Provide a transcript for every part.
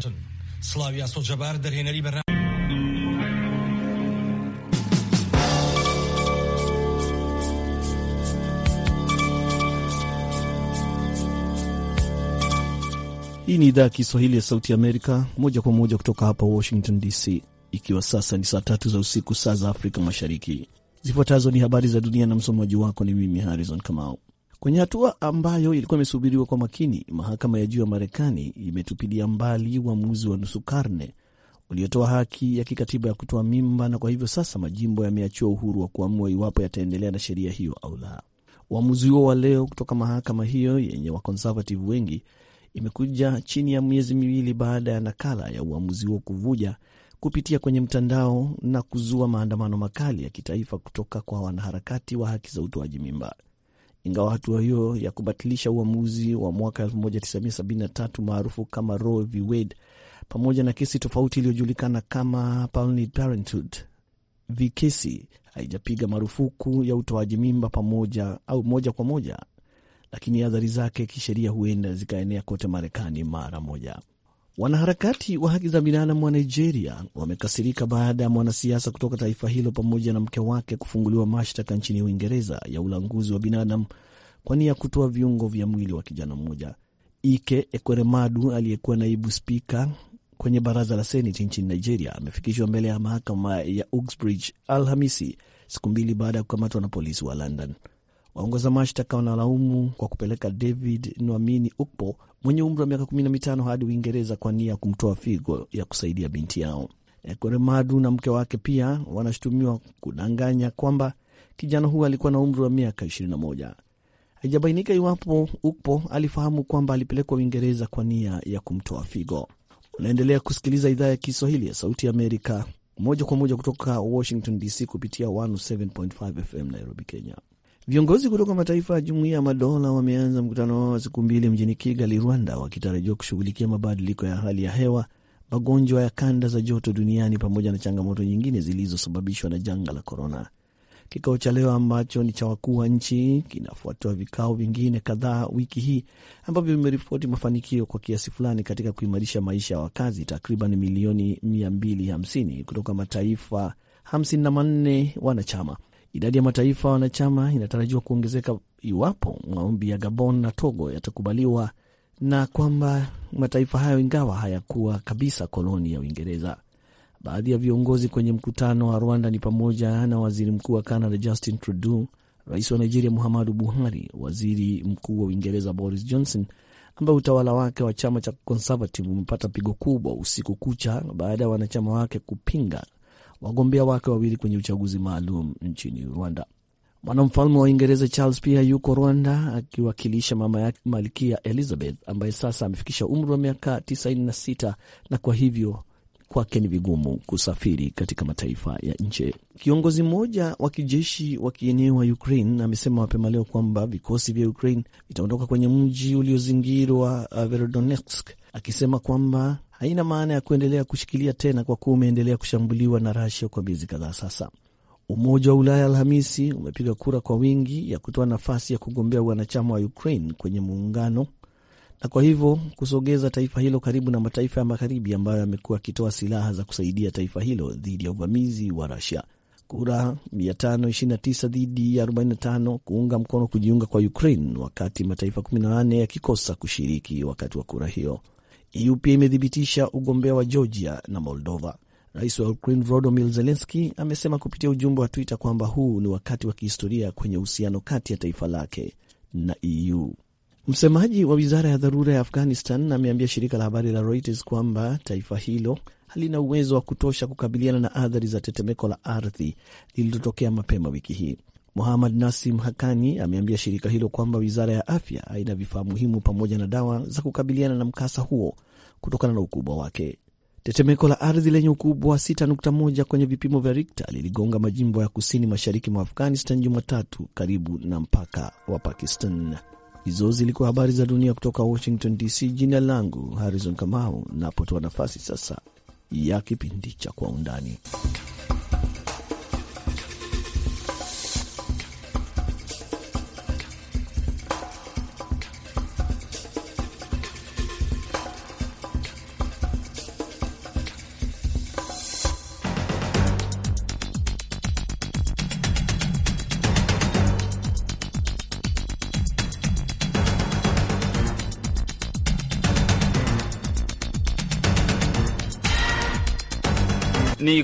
Hii ni idhaa ya Kiswahili ya Sauti Amerika, moja kwa moja kutoka hapa Washington DC, ikiwa sasa ni saa tatu za usiku, saa za Afrika Mashariki. Zifuatazo ni habari za dunia na msomaji wako ni mimi Harrison Kamau. Kwenye hatua ambayo ilikuwa imesubiriwa kwa makini, mahakama ya juu ya Marekani imetupilia mbali uamuzi wa nusu karne uliotoa haki ya kikatiba ya kutoa mimba, na kwa hivyo sasa majimbo yameachiwa uhuru wa kuamua iwapo yataendelea na sheria hiyo au la. Uamuzi huo wa leo kutoka mahakama hiyo yenye wakonservative wengi imekuja chini ya miezi miwili baada ya nakala ya uamuzi huo kuvuja kupitia kwenye mtandao na kuzua maandamano makali ya kitaifa kutoka kwa wanaharakati wa haki za utoaji mimba ingawa hatua hiyo ya kubatilisha uamuzi wa mwaka 1973 maarufu kama Roe v. Wade pamoja na kesi tofauti iliyojulikana kama Planned Parenthood v. haijapiga marufuku ya utoaji mimba pamoja au moja kwa moja, lakini athari zake kisheria huenda zikaenea kote Marekani mara moja. Wanaharakati wa haki za binadamu wa Nigeria wamekasirika baada ya mwanasiasa kutoka taifa hilo pamoja na mke wake kufunguliwa mashtaka nchini Uingereza ya ulanguzi wa binadamu kwa nia ya kutoa viungo vya mwili wa kijana mmoja. Ike Ekweremadu aliyekuwa naibu spika kwenye baraza la seneti nchini Nigeria amefikishwa mbele ya mahakama ya Uxbridge Alhamisi, siku mbili baada ya kukamatwa na polisi wa London. Waongoza mashtaka wanalaumu kwa kupeleka David Nwamini Ukpo mwenye umri wa miaka 15 hadi Uingereza kwa nia ya kumtoa figo ya kusaidia binti yao. Ekore na mke wake pia wanashutumiwa kudanganya kwamba kijana huyo alikuwa na umri wa miaka 21. Haijabainika iwapo Ukpo alifahamu kwamba alipelekwa Uingereza kwa nia ya kumtoa figo. Unaendelea kusikiliza idhaa ya Kiswahili ya Sauti ya Amerika moja kwa moja kutoka Washington DC, kupitia 107.5 FM Nairobi, Kenya. Viongozi kutoka mataifa ya Jumuiya ya Madola wameanza mkutano wao wa siku mbili mjini Kigali, Rwanda, wakitarajiwa kushughulikia mabadiliko ya hali ya hewa, magonjwa ya kanda za joto duniani pamoja na changamoto nyingine zilizosababishwa na janga la korona. Kikao cha leo ambacho ni cha wakuu wa nchi kinafuatiwa vikao vingine kadhaa wiki hii ambavyo vimeripoti mafanikio kwa kiasi fulani katika kuimarisha maisha ya wakazi takriban milioni 250 kutoka mataifa 54 wanachama Idadi ya mataifa wanachama inatarajiwa kuongezeka iwapo maombi ya Gabon na Togo yatakubaliwa na kwamba mataifa hayo ingawa hayakuwa kabisa koloni ya Uingereza. Baadhi ya viongozi kwenye mkutano wa Rwanda ni pamoja na waziri mkuu wa Canada Justin Trudeau, rais wa Nigeria Muhammadu Buhari, waziri mkuu wa Uingereza Boris Johnson, ambaye utawala wake wa chama cha Conservative umepata pigo kubwa usiku kucha baada ya wanachama wake kupinga wagombea wake wawili kwenye uchaguzi maalum nchini Rwanda. Mwanamfalme wa Uingereza Charles pia yuko Rwanda akiwakilisha mama yake Malkia Elizabeth ambaye sasa amefikisha umri wa miaka 96 na kwa hivyo kwake ni vigumu kusafiri katika mataifa ya nje. Kiongozi mmoja wa kijeshi wa kieneo wa Ukraine amesema mapema leo kwamba vikosi vya Ukraine vitaondoka kwenye mji uliozingirwa eh, Verodonetsk, akisema kwamba haina maana ya kuendelea kushikilia tena kwa kuwa umeendelea kushambuliwa na rasia kwa miezi kadhaa sasa. Umoja wa Ulaya Alhamisi umepiga kura kwa wingi ya kutoa nafasi ya kugombea wanachama wa Ukraine kwenye muungano na kwa hivyo kusogeza taifa hilo karibu na mataifa ya magharibi ambayo yamekuwa akitoa silaha za kusaidia taifa hilo dhidi ya uvamizi wa rasia Kura 529 dhidi ya 45 kuunga mkono kujiunga kwa Ukraine, wakati mataifa 18 yakikosa kushiriki wakati wa kura hiyo. EU pia imethibitisha ugombea wa Georgia na Moldova. Rais wa Ukraine Volodymyr Zelensky amesema kupitia ujumbe wa Twitter kwamba huu ni wakati wa kihistoria kwenye uhusiano kati ya taifa lake na EU. Msemaji wa wizara ya dharura ya Afghanistan ameambia shirika la habari la Reuters kwamba taifa hilo halina uwezo wa kutosha kukabiliana na athari za tetemeko la ardhi lililotokea mapema wiki hii. Muhamad Nasim Hakani ameambia shirika hilo kwamba wizara ya afya haina vifaa muhimu pamoja na dawa za kukabiliana na mkasa huo kutokana na ukubwa wake. Tetemeko la ardhi lenye ukubwa wa 6.1 kwenye vipimo vya Rikta liligonga majimbo ya kusini mashariki mwa Afghanistan Jumatatu, karibu na mpaka wa Pakistan. Hizo zilikuwa habari za dunia kutoka Washington DC. Jina langu Harrison Kamau, napotoa nafasi sasa ya kipindi cha Kwa Undani.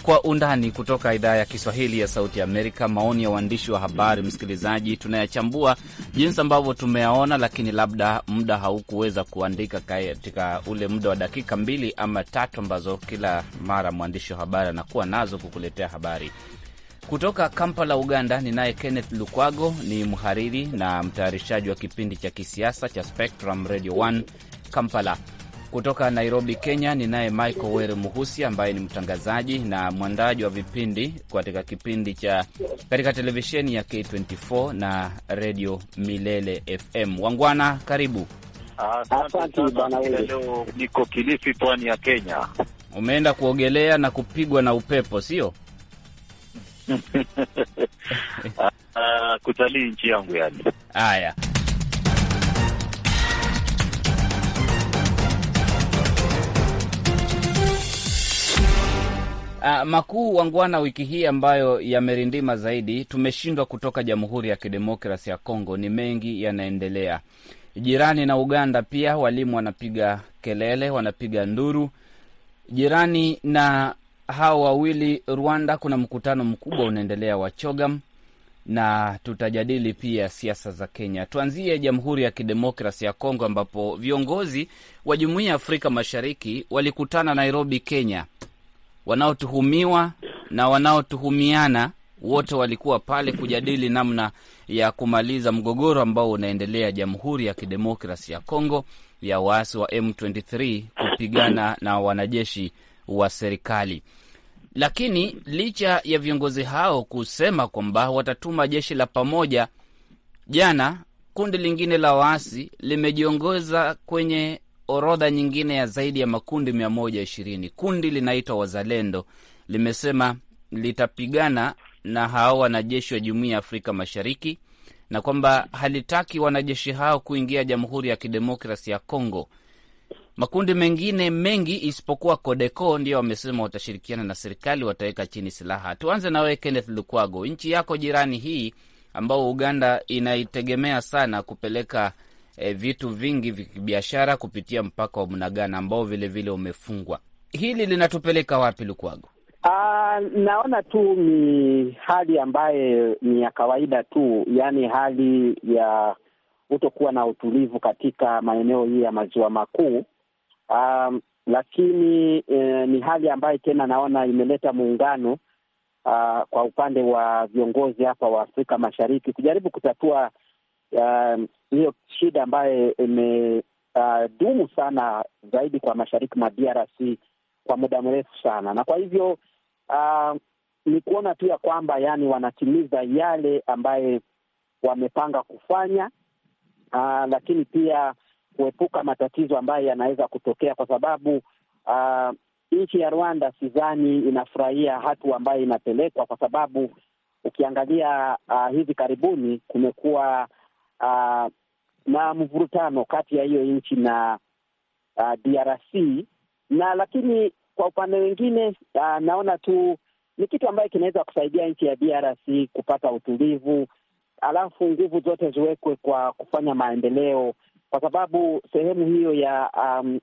Kwa Undani kutoka idhaa ya Kiswahili ya Sauti Amerika. Maoni ya waandishi wa habari, msikilizaji, tunayachambua jinsi ambavyo tumeyaona, lakini labda muda haukuweza kuandika katika ule muda wa dakika mbili ama tatu ambazo kila mara mwandishi wa habari anakuwa nazo kukuletea habari kutoka Kampala, Uganda. Ninaye Kenneth Lukwago, ni mhariri na mtayarishaji wa kipindi cha kisiasa cha Spectrum Radio 1 Kampala. Kutoka Nairobi, Kenya, ninaye Michael Were Muhusi ambaye ni mtangazaji na mwandaji wa vipindi katika kipindi cha katika televisheni ya K24 na redio Milele FM. Wangwana, karibu. Asante Leo niko Kilifi, pwani ya Kenya. Umeenda kuogelea na kupigwa na upepo, sio? Ah, kutalii nchi yangu, yani. Haya. Uh, makuu wangwana wiki hii ambayo yamerindima zaidi, tumeshindwa kutoka Jamhuri ya Kidemokrasi ya Kongo, ni mengi yanaendelea. Jirani na Uganda pia walimu wanapiga kelele, wanapiga nduru. Jirani na hao wawili Rwanda, kuna mkutano mkubwa unaendelea wa CHOGAM na tutajadili pia siasa za Kenya. Tuanzie Jamhuri ya Kidemokrasi ya Kongo ambapo viongozi wa Jumuiya ya Afrika Mashariki walikutana Nairobi, Kenya wanaotuhumiwa na wanaotuhumiana wote walikuwa pale kujadili namna ya kumaliza mgogoro ambao unaendelea Jamhuri ya Kidemokrasi ya Kongo ya waasi wa M23 kupigana na wanajeshi wa serikali. Lakini licha ya viongozi hao kusema kwamba watatuma jeshi la pamoja, jana kundi lingine la waasi limejiongoza kwenye orodha nyingine ya zaidi ya makundi mia moja ishirini. Kundi linaitwa Wazalendo limesema litapigana na hao wanajeshi wa Jumuiya ya Afrika Mashariki na kwamba halitaki wanajeshi hao kuingia Jamhuri ya Kidemokrasi ya congo Makundi mengine mengi isipokuwa Kodeko ndio wamesema watashirikiana na serikali, wataweka chini silaha. Tuanze nawe Kenneth Lukwago, nchi yako jirani hii ambao Uganda inaitegemea sana kupeleka e, vitu vingi vya kibiashara kupitia mpaka wa Mnagana ambao vilevile umefungwa. Hili linatupeleka wapi, Lukwago? Aa, ah, naona tu ni hali ambayo ni ya kawaida tu, yaani hali ya hutokuwa na utulivu katika maeneo hii ya maziwa makuu. Ah, lakini e, ni hali ambayo tena naona imeleta muungano ah, kwa upande wa viongozi hapa wa Afrika Mashariki kujaribu kutatua Um, hiyo uh, shida ambayo imedumu uh, sana zaidi kwa mashariki mwa DRC kwa muda mrefu sana, na kwa hivyo uh, ni kuona tu ya kwamba yani wanatimiza yale ambaye wamepanga kufanya uh, lakini pia kuepuka matatizo ambayo yanaweza kutokea kwa sababu uh, nchi ya Rwanda sidhani inafurahia hatua ambayo inapelekwa, kwa sababu ukiangalia uh, hivi karibuni kumekuwa uh, na mvurutano kati ya hiyo nchi na uh, ah, DRC na lakini kwa upande wengine uh, ah, naona tu ni kitu ambayo kinaweza kusaidia nchi ya DRC kupata utulivu, alafu nguvu zote ziwekwe kwa kufanya maendeleo, kwa sababu sehemu hiyo ya um,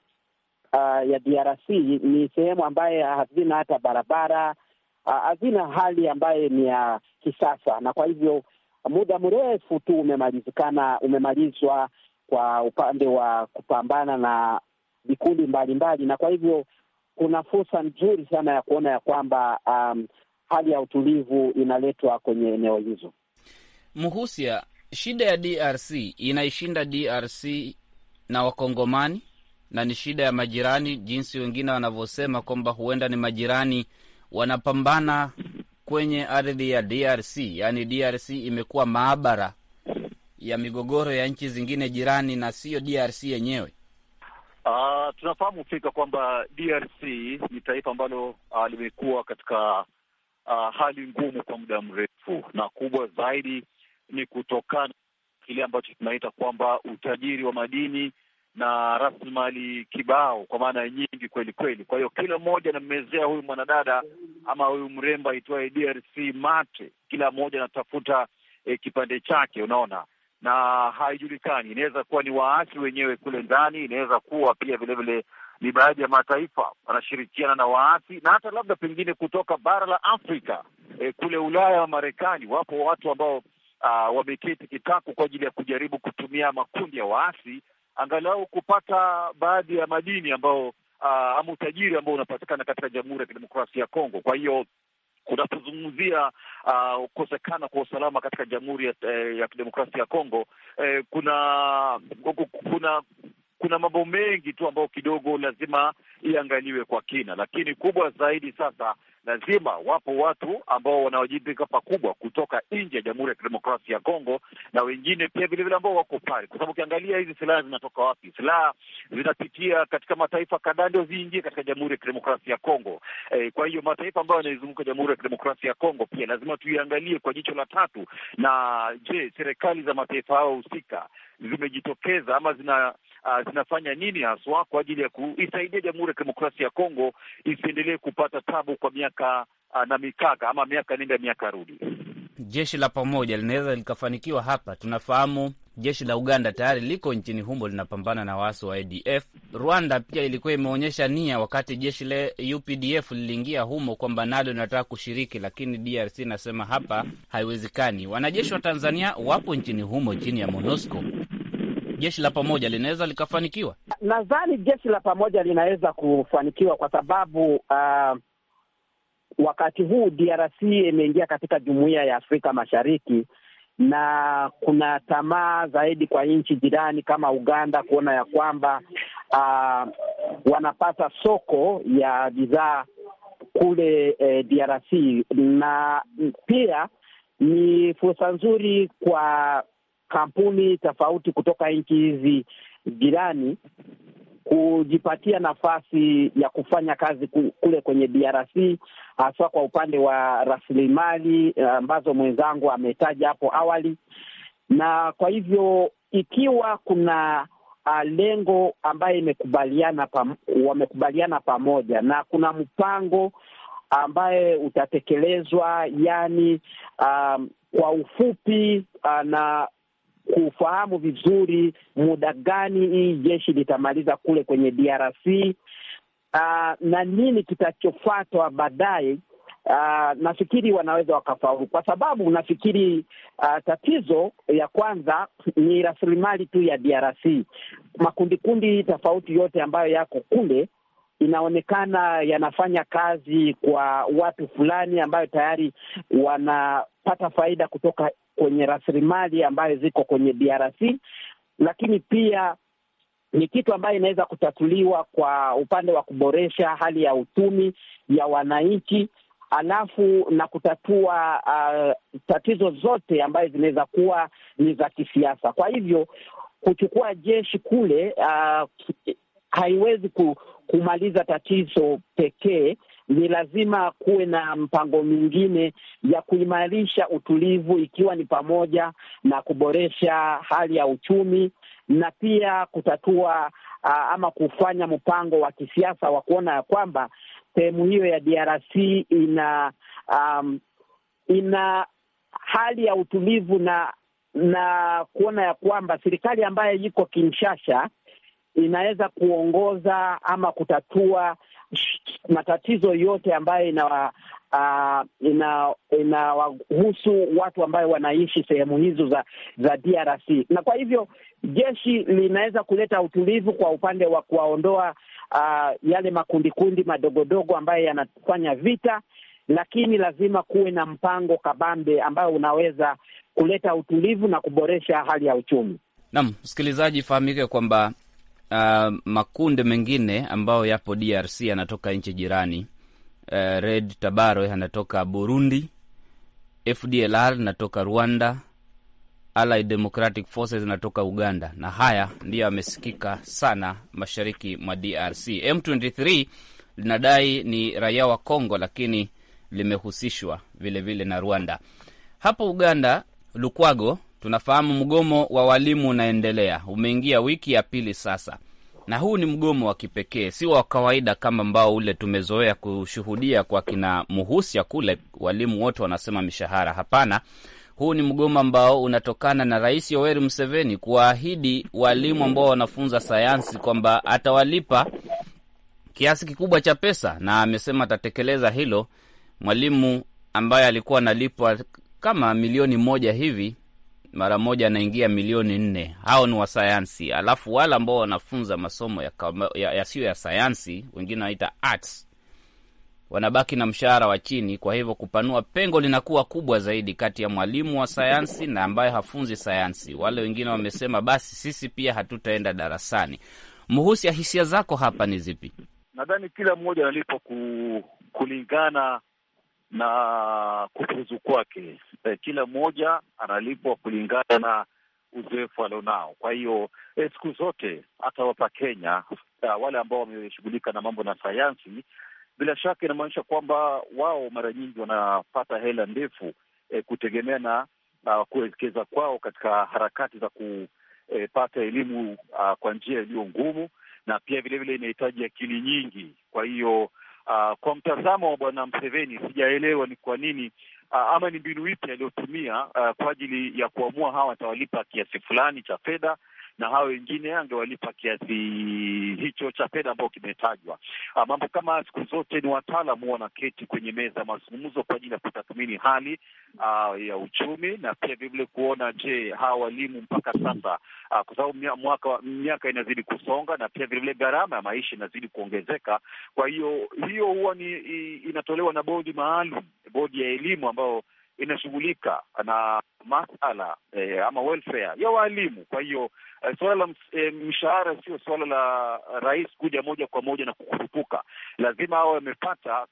uh, ya DRC ni sehemu ambaye hazina hata barabara, hazina uh, hali ambayo ni ya kisasa, na kwa hivyo muda mrefu tu umemalizikana umemalizwa kwa upande wa kupambana na vikundi mbalimbali, na kwa hivyo kuna fursa nzuri sana ya kuona ya kwamba um, hali ya utulivu inaletwa kwenye eneo hizo. Mhusia, shida ya DRC inaishinda DRC na Wakongomani, na ni shida ya majirani, jinsi wengine wanavyosema kwamba huenda ni majirani wanapambana kwenye ardhi ya DRC, yaani DRC imekuwa maabara ya migogoro ya nchi zingine jirani na siyo DRC yenyewe? Uh, tunafahamu fika kwamba DRC ni taifa ambalo uh, limekuwa katika uh, hali ngumu kwa muda mrefu, na kubwa zaidi ni kutokana kile ambacho tunaita kwamba utajiri wa madini na rasilimali kibao, kwa maana nyingi kweli kweli. Kwa hiyo kila mmoja anammezea huyu mwanadada ama huyu mrembo aitwaye DRC mate, kila mmoja anatafuta eh, kipande chake, unaona, na haijulikani, inaweza kuwa ni waasi wenyewe kule ndani, inaweza kuwa pia vilevile ni baadhi ya mataifa wanashirikiana na waasi na hata labda pengine kutoka bara la Afrika eh, kule Ulaya wa Marekani wapo watu ambao ah, wameketi kitako kwa ajili ya kujaribu kutumia makundi ya waasi angalau kupata baadhi ya madini ambao uh, ama utajiri ambao unapatikana katika Jamhuri ya Kidemokrasia ya Kongo. Kwa hiyo kunapozungumzia ah, kukosekana uh, kwa usalama katika Jamhuri ya, eh, ya Kidemokrasia ya Kongo eh, kuna kuna kuna mambo mengi tu ambayo kidogo lazima iangaliwe kwa kina, lakini kubwa zaidi sasa lazima wapo watu ambao wanawajibika pakubwa kutoka nje ya Jamhuri ya Kidemokrasia ya Kongo na wengine pia vilevile ambao wako pale, kwa sababu ukiangalia hizi silaha zinatoka wapi? Silaha zinapitia katika mataifa kadhaa ndio ziingie katika Jamhuri ya Kidemokrasia ya Kongo. E, kwa hiyo mataifa ambayo yanaizunguka Jamhuri ya Kidemokrasia ya Kongo pia lazima tuiangalie kwa jicho la tatu, na je, serikali za mataifa hayo husika zimejitokeza ama zina Uh, zinafanya nini haswa kwa ajili ya kuisaidia Jamhuri ya Kidemokrasia ya Kongo isiendelee kupata tabu kwa miaka uh, na mikaka ama miaka nenda miaka rudi. Jeshi la pamoja linaweza likafanikiwa hapa. Tunafahamu jeshi la Uganda tayari liko nchini humo linapambana na waasi wa ADF. Rwanda pia ilikuwa imeonyesha nia wakati jeshi la UPDF liliingia humo kwamba nalo linataka kushiriki, lakini DRC inasema hapa haiwezekani. Wanajeshi wa Tanzania wapo nchini humo chini ya MONUSCO. Jeshi la pamoja linaweza likafanikiwa? Nadhani jeshi la pamoja linaweza kufanikiwa kwa sababu uh, wakati huu DRC imeingia katika jumuiya ya Afrika Mashariki na kuna tamaa zaidi kwa nchi jirani kama Uganda kuona ya kwamba uh, wanapata soko ya bidhaa kule eh, DRC na pia ni fursa nzuri kwa kampuni tofauti kutoka nchi hizi jirani kujipatia nafasi ya kufanya kazi kule kwenye DRC haswa kwa upande wa rasilimali eh, ambazo mwenzangu ametaja hapo awali. Na kwa hivyo ikiwa kuna uh, lengo ambayo imekubaliana pam, wamekubaliana pamoja na kuna mpango ambaye utatekelezwa yani, um, kwa ufupi uh, na kufahamu vizuri muda gani hii jeshi litamaliza kule kwenye DRC uh, na nini kitachofuatwa baadaye uh, nafikiri wanaweza wakafaulu, kwa sababu nafikiri uh, tatizo ya kwanza ni rasilimali tu ya DRC. Makundi kundi tofauti yote ambayo yako kule inaonekana yanafanya kazi kwa watu fulani ambayo tayari wanapata faida kutoka kwenye rasilimali ambayo ziko kwenye DRC, lakini pia ni kitu ambayo inaweza kutatuliwa kwa upande wa kuboresha hali ya uchumi ya wananchi alafu na kutatua uh, tatizo zote ambazo zinaweza kuwa ni za kisiasa. Kwa hivyo kuchukua jeshi kule uh, haiwezi kumaliza tatizo pekee. Ni lazima kuwe na mpango mingine ya kuimarisha utulivu, ikiwa ni pamoja na kuboresha hali ya uchumi na pia kutatua uh, ama kufanya mpango wa kisiasa wa kuona ya kwamba sehemu hiyo ya DRC ina um, ina hali ya utulivu na na kuona ya kwamba serikali ambayo iko Kinshasa inaweza kuongoza ama kutatua matatizo yote ambayo ah, inawahusu uh, ina, ina watu ambayo wanaishi sehemu hizo za za DRC, na kwa hivyo jeshi linaweza kuleta utulivu kwa upande wa kuwaondoa uh, yale makundikundi madogodogo ambayo yanafanya vita, lakini lazima kuwe na mpango kabambe ambayo unaweza kuleta utulivu na kuboresha hali ya uchumi. Naam, msikilizaji, ifahamike kwamba uh, makundi mengine ambayo yapo DRC yanatoka nchi jirani. Uh, Red Tabaro anatoka Burundi, FDLR natoka Rwanda, Allied Democratic Forces natoka Uganda, na haya ndiyo yamesikika sana mashariki mwa DRC. M23 linadai ni raia wa Congo, lakini limehusishwa vilevile na Rwanda. Hapo Uganda, Lukwago Tunafahamu mgomo wa walimu unaendelea, umeingia wiki ya pili sasa, na huu ni mgomo wa kipekee, si wa kawaida kama ambao ule tumezoea kushuhudia kwa kina Muhusia kule, walimu wote wanasema mishahara. Hapana, huu ni mgomo ambao unatokana na Rais Yoweri Museveni kuwaahidi walimu ambao wanafunza sayansi kwamba atawalipa kiasi kikubwa cha pesa, na amesema atatekeleza hilo. Mwalimu ambaye alikuwa analipwa kama milioni moja hivi mara moja anaingia milioni nne. Hao ni wasayansi, alafu wale ambao wanafunza masomo yasiyo ya, ya, ya sayansi, wengine wanaita arts, wanabaki na mshahara wa chini. Kwa hivyo kupanua pengo linakuwa kubwa zaidi kati ya mwalimu wa sayansi na ambaye hafunzi sayansi. Wale wengine wamesema basi sisi pia hatutaenda darasani. Mhusi ya hisia zako hapa ni zipi? Nadhani kila mmoja analipwa ku, kulingana na kufuzu kwake. E, kila mmoja analipwa kulingana na uzoefu alionao. Kwa hiyo e, siku zote hata hapa Kenya e, wale ambao wameshughulika na mambo na sayansi, bila shaka inamaanisha kwamba wao mara nyingi wanapata hela ndefu e, kutegemea na uh, kuwekeza kwao katika harakati za kupata e, elimu uh, kwa njia iliyo ngumu, na pia vilevile inahitaji akili nyingi. Kwa hiyo Ah, kwa mtazamo wa bwana Mseveni sijaelewa ni kwa nini uh, ama ni mbinu ipi aliyotumia uh, kwa ajili ya kuamua hawa atawalipa kiasi fulani cha fedha na hao wengine angewalipa kiasi hicho cha fedha ambao kimetajwa. Ah, mambo kama siku zote ni wataalamu wanaketi kwenye meza ya mazungumzo kwa ajili ya kutathmini hali aa, ah, ya uchumi na pia vilevile kuona je, hawa walimu mpaka sasa, ah, kwa sababu miaka inazidi kusonga na pia vilevile gharama ya maisha inazidi kuongezeka. Kwa hiyo hiyo huwa ni inatolewa na bodi maalum, bodi ya elimu ambayo inashughulika na masala eh, ama welfare ya waalimu. Kwa hiyo eh, suala la eh, mshahara sio suala la rais kuja moja kwa moja na kukurupuka. Lazima awe amepata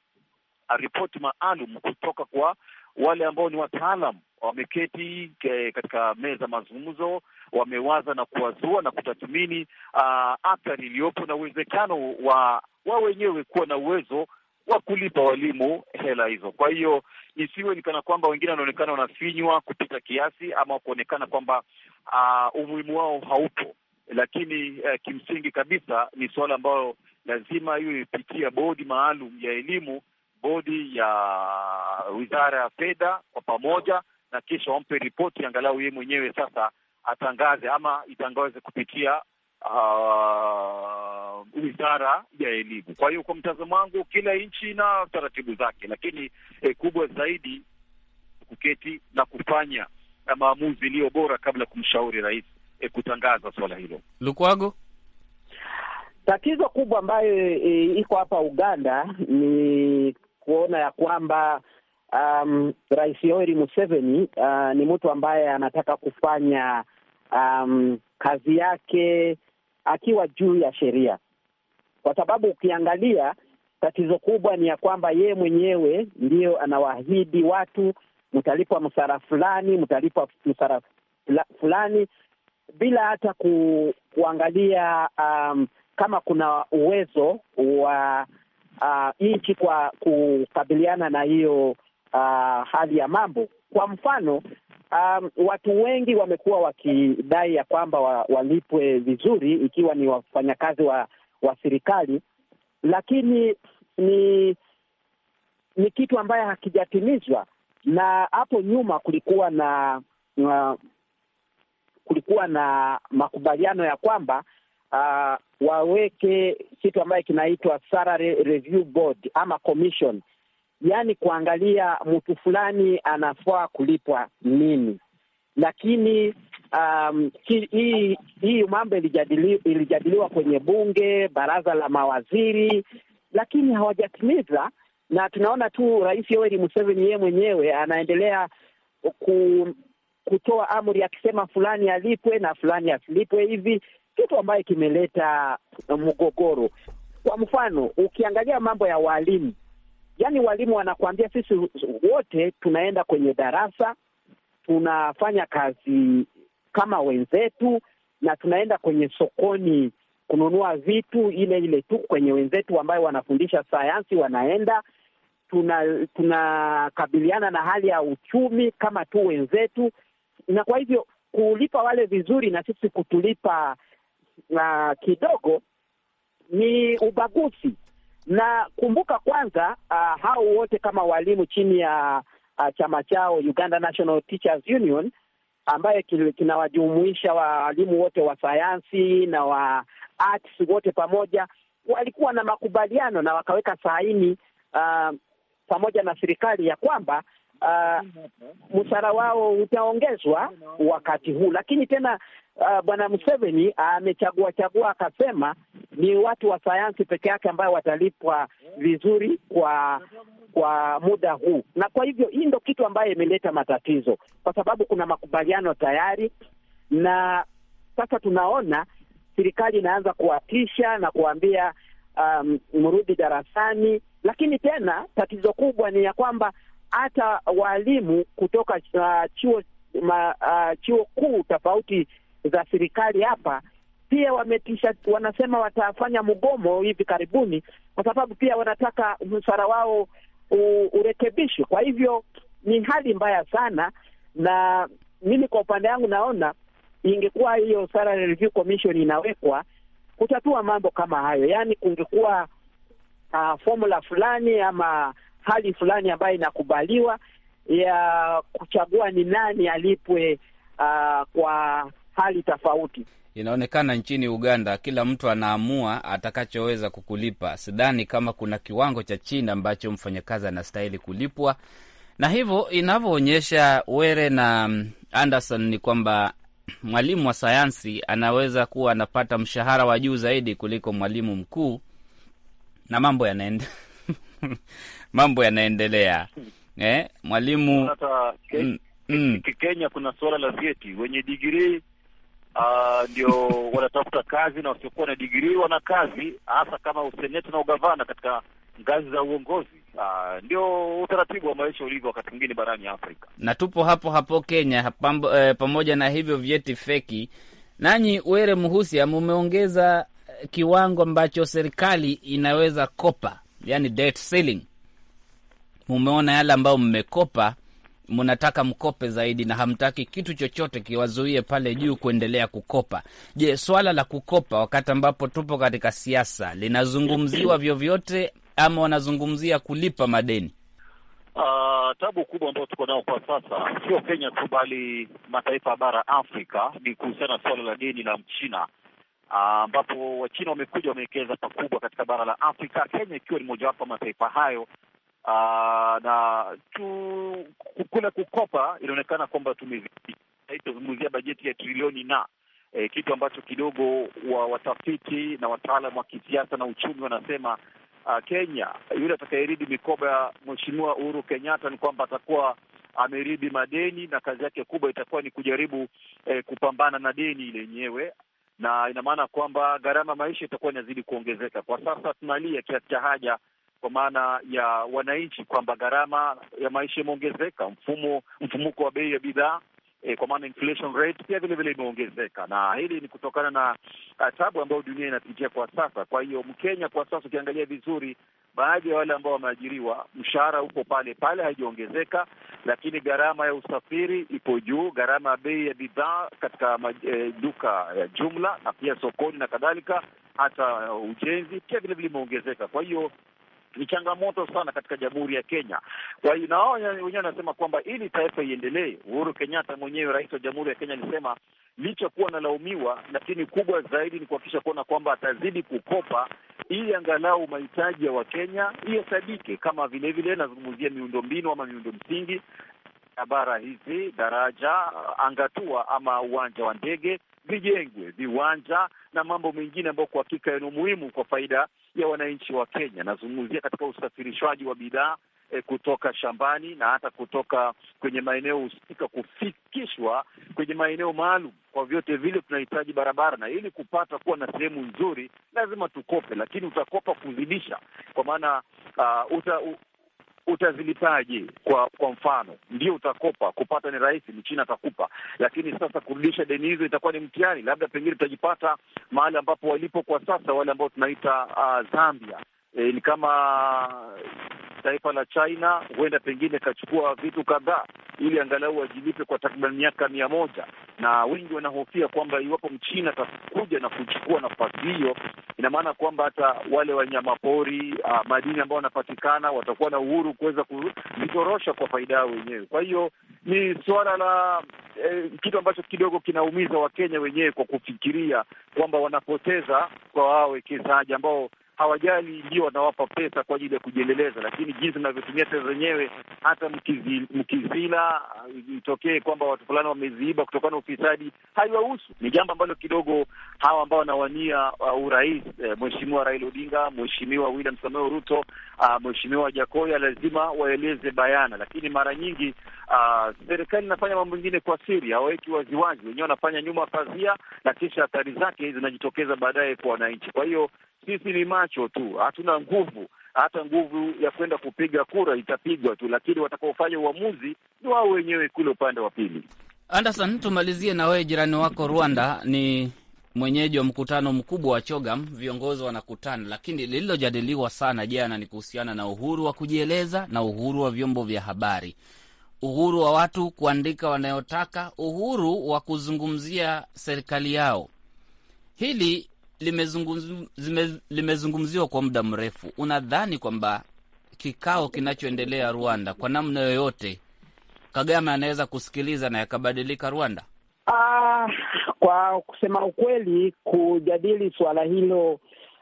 ripoti maalum kutoka kwa wale ambao ni wataalam wameketi eh, katika meza mazungumzo, wamewaza na kuwazua na kutathmini ah, athari iliyopo na uwezekano wa wao wenyewe kuwa na uwezo wa kulipa walimu hela hizo. Kwa hiyo isiwe ni kana kwamba wengine wanaonekana wanafinywa kupita kiasi ama kuonekana kwamba uh, umuhimu wao haupo, lakini uh, kimsingi kabisa ni suala ambalo lazima hiyo ipitia bodi maalum ya elimu, bodi ya wizara ya fedha kwa pamoja, na kisha wampe ripoti angalau yeye mwenyewe sasa atangaze ama itangaze kupitia uh, wizara ya elimu. Kwa hiyo kwa mtazamo wangu, kila nchi na taratibu zake, lakini eh, kubwa zaidi kuketi na kufanya na eh, maamuzi iliyo bora kabla ya kumshauri rais eh, kutangaza swala hilo. Lukwago, tatizo kubwa ambayo eh, iko hapa Uganda ni kuona ya kwamba um, Rais Yoweri Museveni uh, ni mtu ambaye anataka kufanya um, kazi yake akiwa juu ya sheria, kwa sababu ukiangalia tatizo kubwa ni ya kwamba yeye mwenyewe ndiyo anawaahidi watu, mtalipwa msara fulani, mtalipwa msara fulani bila hata ku, kuangalia um, kama kuna uwezo wa uh, nchi kwa kukabiliana na hiyo uh, hali ya mambo. Kwa mfano Um, watu wengi wamekuwa wakidai ya kwamba wa, walipwe vizuri ikiwa ni wafanyakazi wa, wa serikali, lakini ni ni kitu ambayo hakijatimizwa. Na hapo nyuma kulikuwa na uh, kulikuwa na makubaliano ya kwamba uh, waweke kitu ambayo kinaitwa salary review board ama commission yaani kuangalia mtu fulani anafaa kulipwa nini, lakini um, hii hii mambo ilijadili, ilijadiliwa kwenye bunge, baraza la mawaziri, lakini hawajatimiza, na tunaona tu Rais Yoweri Museveni yeye mwenyewe anaendelea ku, kutoa amri akisema fulani alipwe na fulani asilipwe hivi, kitu ambayo kimeleta mgogoro. Kwa mfano ukiangalia mambo ya walimu Yaani walimu wanakuambia sisi wote tunaenda kwenye darasa, tunafanya kazi kama wenzetu, na tunaenda kwenye sokoni kununua vitu ile ile tu kwenye wenzetu ambayo wanafundisha sayansi, wanaenda tunakabiliana tuna na hali ya uchumi kama tu wenzetu, na kwa hivyo kulipa wale vizuri na sisi kutulipa uh, kidogo ni ubaguzi na kumbuka kwanza, uh, hao wote kama walimu chini ya uh, chama chao Uganda National Teachers Union ambaye kinawajumuisha walimu wote wa sayansi na wa arts wote pamoja, walikuwa na makubaliano na wakaweka saini uh, pamoja na serikali ya kwamba uh, mshahara wao utaongezwa wakati huu, lakini tena uh, bwana Museveni amechagua uh, chagua akasema ni watu wa sayansi peke yake ambayo watalipwa vizuri kwa kwa muda huu, na kwa hivyo hii ndo kitu ambayo imeleta matatizo, kwa sababu kuna makubaliano tayari, na sasa tunaona serikali inaanza kuwatisha na kuwaambia um, mrudi darasani, lakini tena tatizo kubwa ni ya kwamba hata waalimu kutoka uh, chuo ma, uh, chuo kuu tofauti za serikali hapa pia wametisha, wanasema watafanya mgomo hivi karibuni, kwa sababu pia wanataka msara wao urekebishwe. Kwa hivyo ni hali mbaya sana, na mimi kwa upande wangu naona ingekuwa hiyo salary review commission inawekwa kutatua mambo kama hayo, yaani kungekuwa uh, formula fulani ama hali fulani ambayo inakubaliwa ya kuchagua ni nani alipwe uh, kwa hali tofauti. Inaonekana nchini Uganda kila mtu anaamua atakachoweza kukulipa. Sidhani kama kuna kiwango cha chini ambacho mfanyakazi anastahili kulipwa, na hivyo inavyoonyesha Were na mm, Anderson ni kwamba mwalimu wa sayansi anaweza kuwa anapata mshahara wa juu zaidi kuliko mwalimu mkuu, na mambo yanaenda mambo yanaendelea hmm. eh, mwalimu hmm. Hmm. Kenya, kuna suala la vyeti, wenye digrii ah, ndio uh, wanatafuta kazi na wasiokuwa na digrii wana kazi, hasa kama useneti na ugavana katika ngazi za uongozi. Uh, ndio utaratibu wa maisha ulivyo wakati mwingine barani Afrika, na tupo hapo hapo Kenya pambo, eh, pamoja na hivyo vyeti feki. Nanyi Were Muhusia, mumeongeza eh, kiwango ambacho serikali inaweza kopa yani debt ceiling. Mumeona yale ambayo mmekopa, mnataka mkope zaidi na hamtaki kitu chochote kiwazuie pale juu kuendelea kukopa. Je, swala la kukopa wakati ambapo tupo katika siasa linazungumziwa vyovyote ama wanazungumzia kulipa madeni? Uh, tabu kubwa ambayo tuko nao kwa sasa sio Kenya tu bali mataifa ya bara Afrika ni kuhusiana na suala la deni la Mchina ambapo Wachina wamekuja wamewekeza pakubwa katika bara la Afrika, Kenya ikiwa ni mojawapo mataifa hayo. Uh, na tu kule kukopa inaonekana kwamba tumezungumzia bajeti ya trilioni na eh, kitu ambacho kidogo wa watafiti na wataalam wa kisiasa na uchumi wanasema uh, Kenya yule atakayeridi mikoba ya Mheshimiwa Uhuru Kenyatta ni kwamba atakuwa ameridi madeni na kazi yake kubwa itakuwa ni kujaribu eh, kupambana na deni lenyewe na ina maana kwamba gharama maisha itakuwa inazidi kuongezeka. Kwa sasa tunalia kiasi cha haja kwa maana ya wananchi kwamba gharama ya maisha imeongezeka, mfumo mfumuko wa bei ya bidhaa e, kwa maana inflation rate pia vile vile imeongezeka, na hili ni kutokana na eh, tabu ambayo dunia inapitia kwa sasa. Kwa hiyo Mkenya kwa sasa ukiangalia vizuri baadhi ya wale ambao wameajiriwa mshahara uko pale pale, haijaongezeka, lakini gharama ya usafiri ipo juu, gharama ya bei ya bidhaa katika e, duka ya jumla na pia sokoni na kadhalika, hata uh, ujenzi pia vilevile imeongezeka. Kwa hiyo ni changamoto sana katika Jamhuri ya Kenya. Kwa hiyo na wenyewe wanasema kwamba ili taifa iendelee, Uhuru Kenyatta mwenyewe, rais wa Jamhuri ya Kenya, alisema licha kuwa analaumiwa, lakini kubwa zaidi ni kuhakikisha kuona kwamba atazidi kukopa ili angalau mahitaji ya Wakenya ihesaidike, kama vilevile nazungumzia miundombinu ama miundo msingi, barabara hizi, daraja, angatua ama uwanja wa ndege vijengwe, viwanja na mambo mengine ambayo kwa hakika yana muhimu kwa faida ya wananchi wa Kenya. Nazungumzia katika usafirishwaji wa bidhaa e, kutoka shambani na hata kutoka kwenye maeneo husika kufikishwa kwenye maeneo maalum. Kwa vyote vile tunahitaji barabara, na ili kupata kuwa na sehemu nzuri lazima tukope, lakini utakopa kuzidisha, kwa maana uh, uta u utazilipaje? Kwa kwa mfano, ndio utakopa, kupata ni rahisi, ni china atakupa, lakini sasa kurudisha deni hizo itakuwa ni mtihani. Labda pengine tutajipata mahali ambapo walipo kwa sasa wale ambao tunaita uh, Zambia. E, ni kama taifa la China huenda pengine ikachukua vitu kadhaa ili angalau wajilipe kwa takriban miaka mia moja, na wengi wanahofia kwamba iwapo mchina atakuja na kuchukua nafasi hiyo, ina maana kwamba hata wale wanyama uh, ah, madini ambao wanapatikana watakuwa na uhuru kuweza kuvitorosha kwa faida yao wenyewe. Kwa hiyo ni suala la eh, kitu ambacho kidogo kinaumiza Wakenya wenyewe kwa kufikiria kwamba wanapoteza kwa wao wekezaji ambao hawajali, ndio wanawapa pesa kwa ajili ya kujiendeleza, lakini jinsi mnavyotumia pesa zenyewe, hata mkizila uh, itokee kwamba watu fulani wameziiba kutokana na ufisadi, haiwahusu. Ni jambo ambalo kidogo hawa ambao wanawania uh, urais uh, Mheshimiwa Raila Odinga, Mheshimiwa William Samoei Ruto, uh, Mheshimiwa Jakoya lazima waeleze bayana, lakini mara nyingi uh, serikali inafanya mambo mengine kwa siri, hawaweki waziwazi, wenyewe wanafanya nyuma pazia, na kisha athari zake zinajitokeza baadaye kwa wananchi. Kwa hiyo sisi ni macho tu, hatuna nguvu. Hata nguvu ya kwenda kupiga kura itapigwa tu, lakini watakaofanya uamuzi ni wao wenyewe kule upande wa pili. Anderson, tumalizie na wewe. Jirani wako Rwanda ni mwenyeji wa mkutano mkubwa wa CHOGAM, viongozi wanakutana, lakini lililojadiliwa sana jana ni kuhusiana na uhuru wa kujieleza na uhuru wa vyombo vya habari, uhuru wa watu kuandika wanayotaka, uhuru wa kuzungumzia serikali yao. Hili limezungumziwa kwa muda mrefu. Unadhani kwamba kikao kinachoendelea Rwanda kwa namna yoyote Kagame anaweza kusikiliza na yakabadilika Rwanda? Ah, kwa kusema ukweli, kujadili suala hilo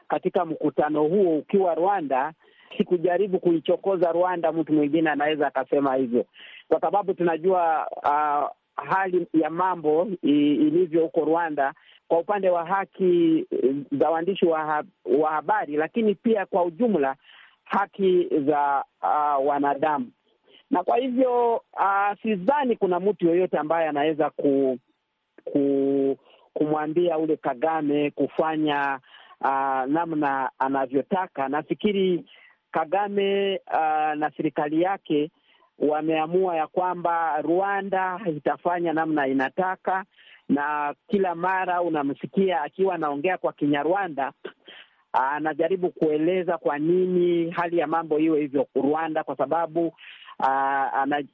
katika mkutano huo ukiwa Rwanda, kujaribu kuichokoza Rwanda. Mtu mwingine anaweza akasema hivyo, kwa sababu tunajua uh, hali ya mambo ilivyo huko Rwanda kwa upande wa haki eh, za waandishi wa, wa habari, lakini pia kwa ujumla haki za uh, wanadamu. Na kwa hivyo uh, sidhani kuna mtu yoyote ambaye anaweza ku, ku, kumwambia ule Kagame kufanya uh, namna anavyotaka. Nafikiri Kagame uh, na serikali yake wameamua ya kwamba Rwanda itafanya namna inataka na kila mara unamsikia akiwa anaongea kwa Kinyarwanda, anajaribu kueleza kwa nini hali ya mambo hiyo hivyo Rwanda, kwa sababu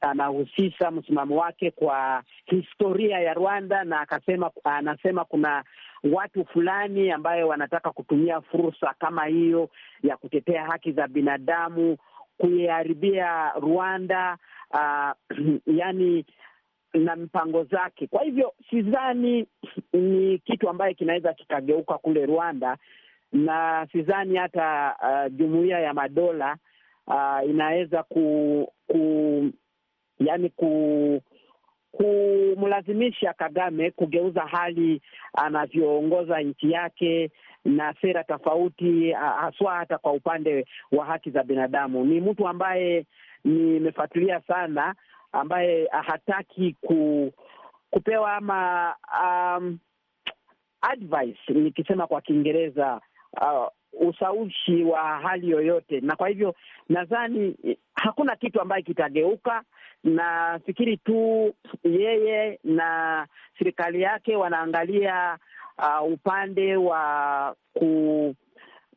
anahusisha msimamo wake kwa historia ya Rwanda, na akasema, anasema kuna watu fulani ambayo wanataka kutumia fursa kama hiyo ya kutetea haki za binadamu kuiharibia Rwanda. Uh, yani na mpango zake. Kwa hivyo sidhani ni kitu ambaye kinaweza kikageuka kule Rwanda, na sidhani hata uh, jumuiya ya madola uh, inaweza ku, ku yani ku kumlazimisha Kagame kugeuza hali anavyoongoza nchi yake na sera tofauti, uh, haswa hata kwa upande wa haki za binadamu. Ni mtu ambaye nimefuatilia sana ambaye hataki ku, kupewa ama um, advice nikisema kwa Kiingereza uh, ushawishi wa hali yoyote, na kwa hivyo nadhani hakuna kitu ambaye kitageuka. Nafikiri tu yeye na serikali yake wanaangalia uh, upande wa ku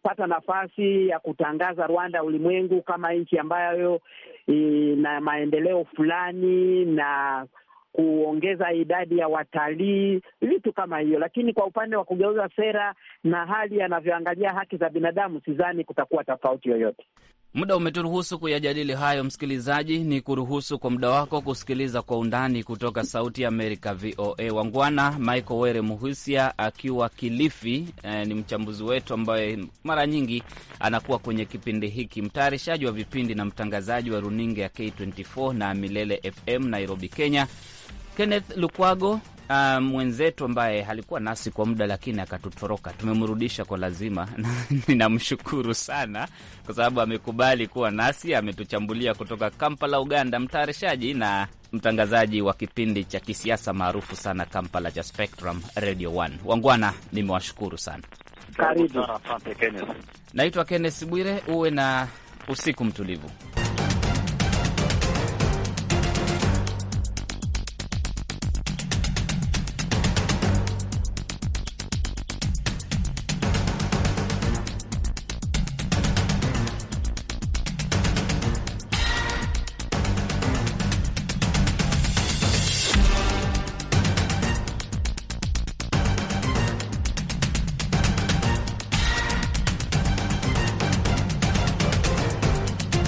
pata nafasi ya kutangaza Rwanda ulimwengu kama nchi ambayo ina maendeleo fulani na kuongeza idadi ya watalii, vitu kama hiyo. Lakini kwa upande wa kugeuza sera na hali yanavyoangalia haki za binadamu, sidhani kutakuwa tofauti yoyote. Muda umeturuhusu kuyajadili hayo, msikilizaji, ni kuruhusu kwa muda wako kusikiliza kwa undani kutoka Sauti ya Amerika, VOA. Wangwana Michael Were Muhusia akiwa Kilifi eh, ni mchambuzi wetu ambaye mara nyingi anakuwa kwenye kipindi hiki, mtayarishaji wa vipindi na mtangazaji wa runinga ya K24 na Milele FM Nairobi, Kenya. Kenneth Lukwago uh, mwenzetu ambaye alikuwa nasi kwa muda lakini akatutoroka, tumemrudisha kwa lazima. Ninamshukuru sana kwa sababu amekubali kuwa nasi, ametuchambulia kutoka Kampala, Uganda, mtayarishaji na mtangazaji wa kipindi cha kisiasa maarufu sana Kampala cha Spectrum Radio 1. Wangwana, nimewashukuru sana. Karibu. Naitwa Kenneth Bwire, uwe na usiku mtulivu.